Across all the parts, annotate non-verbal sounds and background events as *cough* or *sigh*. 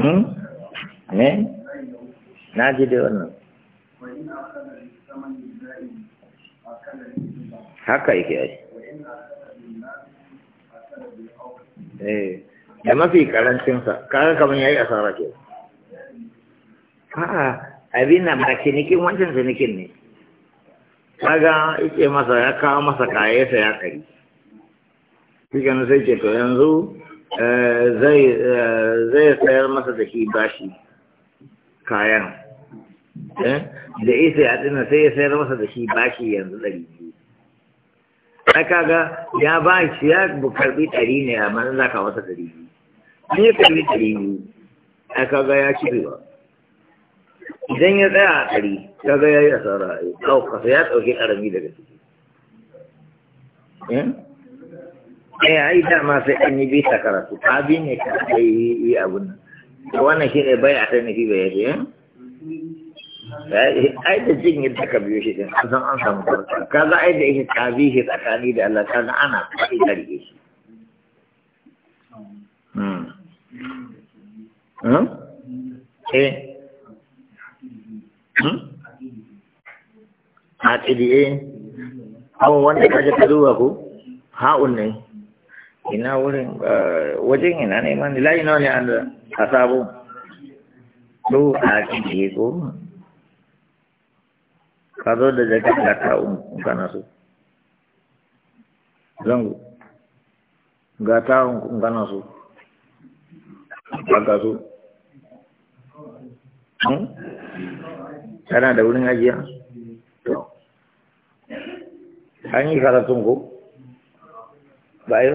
Hmm? ne na ji dai wannan haka yake yi eh da mafi karancinsa kaga kamar yayi asara ke a'a abin na ba cinikin wancan cinikin ne kaga ice masa ya kawo masa kayayyarsa ya kari shi sai ce to yanzu zai sayar masa da shi bashi kayan eh? da isa ya dina sai ya sayar masa da shi bashi yanzu ɗari biyu kaga ya ba shi ya karbi ɗari ne amma za ka wata ɗari biyu in ya karbi ɗari biyu ai kaga ya ci idan ya tsaya a ɗari kaga ya yi asara ya ya ɗauki ƙarami daga ciki eh? eh ai dama sai an yi bisa karatu abi ne ka sai yi abun nan wannan shi ne bai a ta nufi bai yaje eh? eh, ai da jin yadda ka biyo shi din san an samu karatu a yi da ka tabi shi tsakani da Allah kaga ana kai karge shi hmm hmm eh? hmm a wanda kaje ka duba ko ha'un ne ina wurin eh, wajen ina ne man layi nawa ne an da a sabo to a cikin ko ka zo da jakar da ta un kana so zango ga ta un kana so ba ka so hmm? kana da wurin ajiya to an yi karatun ko ba yi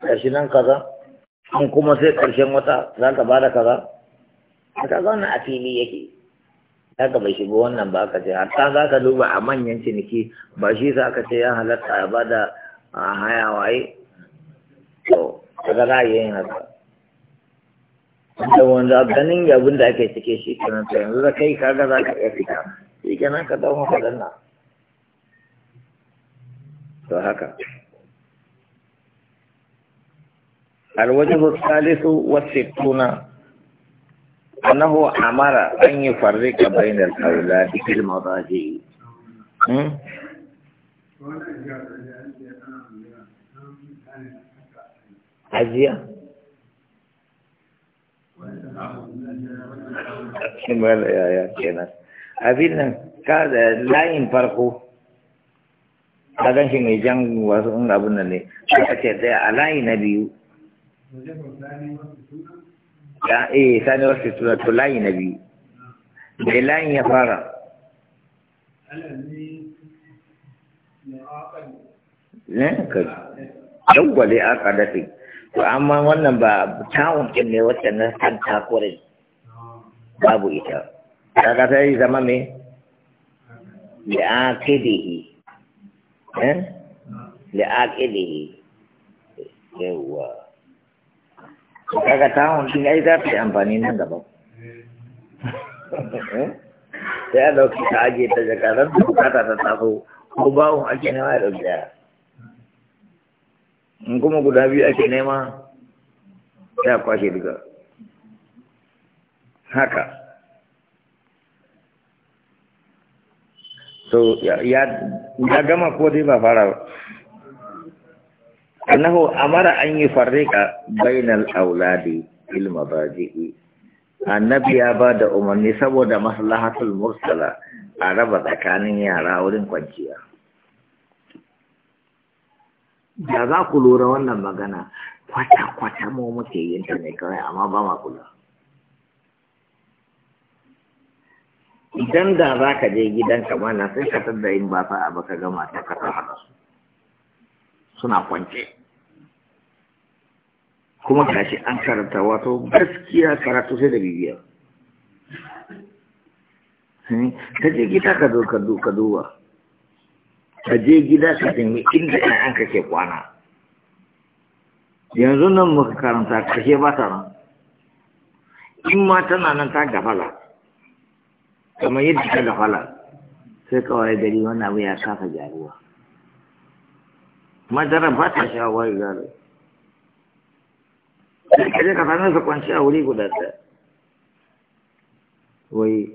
gashi nan kaza an kuma sai ƙarshen wata za ka bada kaza ka zauna a fili yake Za ka bai shiga wannan ba ka ce hatta za ka duba a manyan ciniki ba shi sa aka ce ya halatta ya ba a haya waye to kaga za a yi haka wanda wanda ganin abin da ake cike shi kenan to yanzu da kai kaga za ka iya fita shi kenan ka dawo maka danna to haka الوجه الثالث والستون أنه أمر أن يفرق بين الأولاد في المضاجع أجيا Kimbala ya ya kenan abin nan ka da layin farko ka gan mai jan wasu abin nan ce a layi na biyu ya eh sani wasu suna to layi na biyu mai layin ya fara ne eh, ka yawwale a kadafi to amma wannan ba tawon ɗin ne wacce na kan takurin babu ita kaga ta yi zama me yi, mai li'aqidihi eh li'aqidihi yawwa kaga ta din ai za ta yi amfani nan gaba *laughs* eh? sai a dauki ta aje ta jakarar ta bukata ta taso ko bawon ake nema ya dauki yara in kuma guda biyu ake nema ya kwashe duka haka so ya gama ko dai ba fara annahu amara an yi farrika bainal auladi fil mabaji'i annabi ya ba da umarni saboda maslahatul mursala a raba tsakanin yara wurin kwanciya da za ku lura wannan magana kwata-kwata mu muke yin ta ne kawai amma ba ma kula idan da za ka je gidanka mana sai ka tadda in ba fa'a baka gama ta ka su suna kwance kuma kashi an karanta wato gaskiya karatu sai da bibiya hmm, ka je gida ka zo ka duka duwa ka je gida ka tumi inda an kake kwana yanzu nan muka karanta kashe ba ta nan in ma tana nan ta gafala kamar yadda ta gafala sai kawai gari wani abu ya kafa jaruwa madara ba ta sha waye gare kaje ka sanar da kwanci a wuri guda ta. wai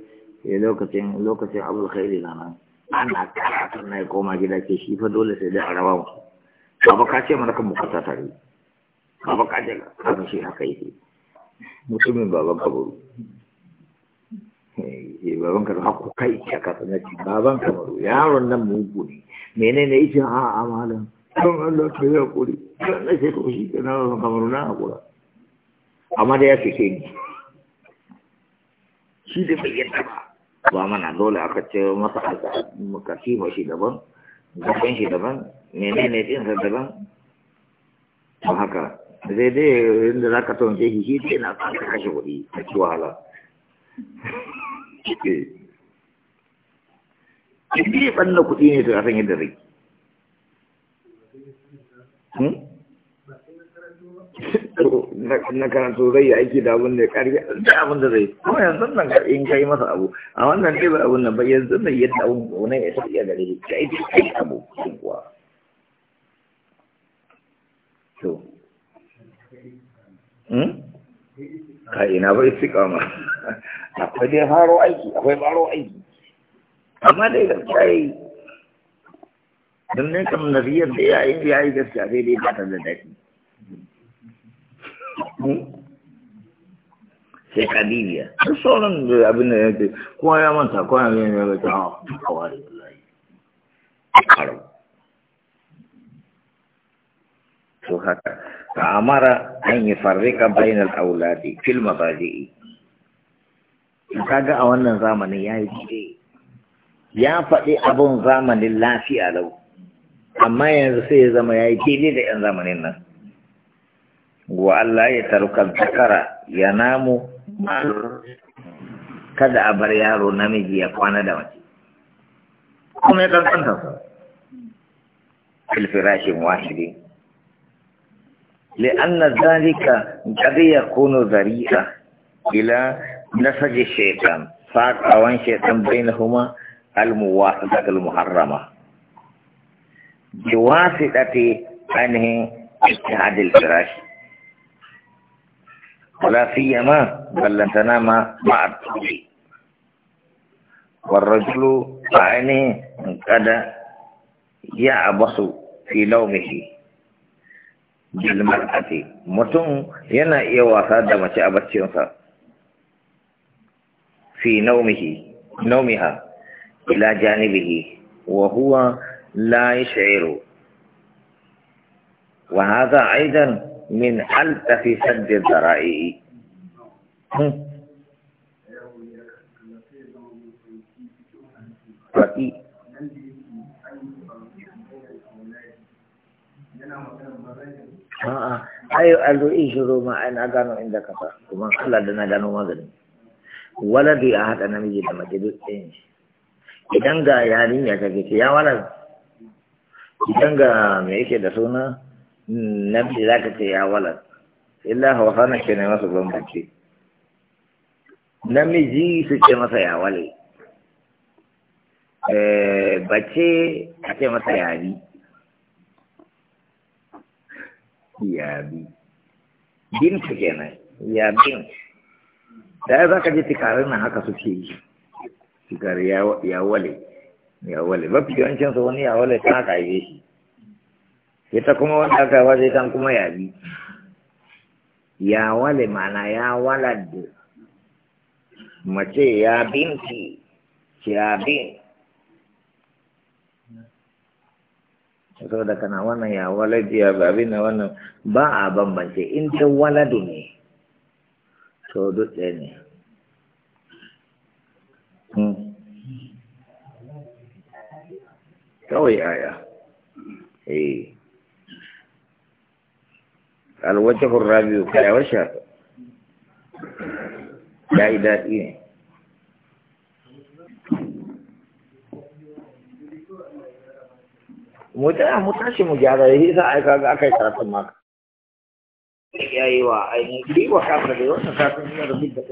ya eh, lokacin lokacin abu khairi na nan ana karatun na ya koma gida ke shi fa dole sai dai a raba mu ba ka ce mana kan bukata tare abu ka ce kan shi haka yi mutumin baban kabaru ce eh, eh, baban ka haku kai ka ka sanar baban kabaru yaron nan mugu ne menene yake a'a malam don Allah ta yi haƙuri don shi na kamar na haƙura amma da ya fice ni shi da bai yadda ba ba mana dole aka ce masa aka makasima shi daban gaban shi daban menene ɗinsa daban ba haka zai dai yadda za ka taunce shi shi kashe kuɗi a ci wahala *laughs* in dai ɓanna kuɗi ne to a san yadda zai Hmm? na karatu zai yi aiki da abin da karfi da abin da zai kuma yanzu nan karfi in kai masa abu a wannan dai ba abin nan ba yanzu nan yadda abin wani ya sa iya gare ka yi kai abu kuwa to hmm? ka ina ba ma. akwai dai faro aiki akwai faro aiki amma dai da kai. don ne kam nasiyar da ya yi ya yi gaskiya sai dai ba da daɗi sai kadibiya duk sauran da abin da ya ce kuma ya manta kuma ya yi ya ga ta hawa da wallahi karo to haka ta amara an yi farrika bainal auladi fil mabaji'i kaga a wannan zamanin yayi dai ya faɗi abun zamanin lafiya lau amma yanzu sai ya zama ya yi daidai da 'yan zamanin nan wa Allah ya tarukar takara ya namu kada a bar yaro namiji ya kwana da mace kuma ya kankanta su filfirashin wahidi li'anna zalika ya yakunu zari'a ila sakawan shaitan bai na huma al-muwafaqat al-muharrama Jawaabce datti an yi hadin farashi. Lafiya ma ballanta nama ba'a tuki. ya abar fi naumi shi. ati, Mutum yana iya wasa da mace a bacci wansa. Fi naumi ha, ila ja ni bihi, لا يشعر وهذا أيضا من حلت في سد الذرائع آه. أيوة ها أيو ألو إيشرو ما أنا جانو عندك كذا وما خلا دنا جانو ما ذن ولا دي أحد أنا ميجي لما جدو إيش إذا يعني يا كذي يا ولد idan ga me yake da suna nabi za ka ce ya walad illa hausa na ke ne masu bambanci namiji su ce masa ya wale eh, bace a ce masa yari yabi binta kenan yabin da za ka ji tikarin nan haka suke yi tikar ya wale ya wale fi yawancin su wani ya wale ta aka yi shi ita kuma wanda aka yi wajen kan kuma ya bi ya wale mana ya walad mace ya binti ya bin saboda kana wannan ya walad ya babi na wannan ba a bambance in ta waladu ne to duk ɗaya ne توي آية eh alwajhu rabiu kai washa dai dadi ne mota mu tashi mu gyara yayi sa ai kaga akai karatun maka yayi wa ai ni wa kafa da wannan kafin ina da bidda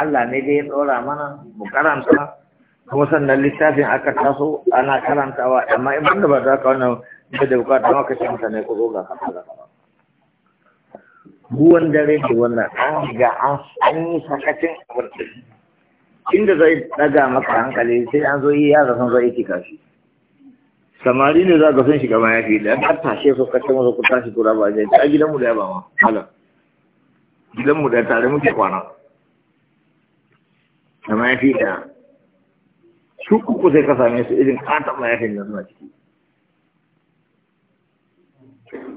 Allah ni dia orang mana bukan karanta Kuma sannan littafin aka taso ana karantawa amma in banda ba za ka wannan da da bukata maka shi mutane ko ga kafa buwan dare da wannan an ga an yi sakacin abin inda zai daga maka hankali sai an zo yi ya sun zo iki kashi samari ne za ka sun shiga ma ya fi da an tashe su kacce masa ku tashi kura ba zai ta gidanmu da ya ba ma hala gidanmu da tare muke kwana kama ya fi da su uku sai ka same su irin ƙatan mayafin da suna ciki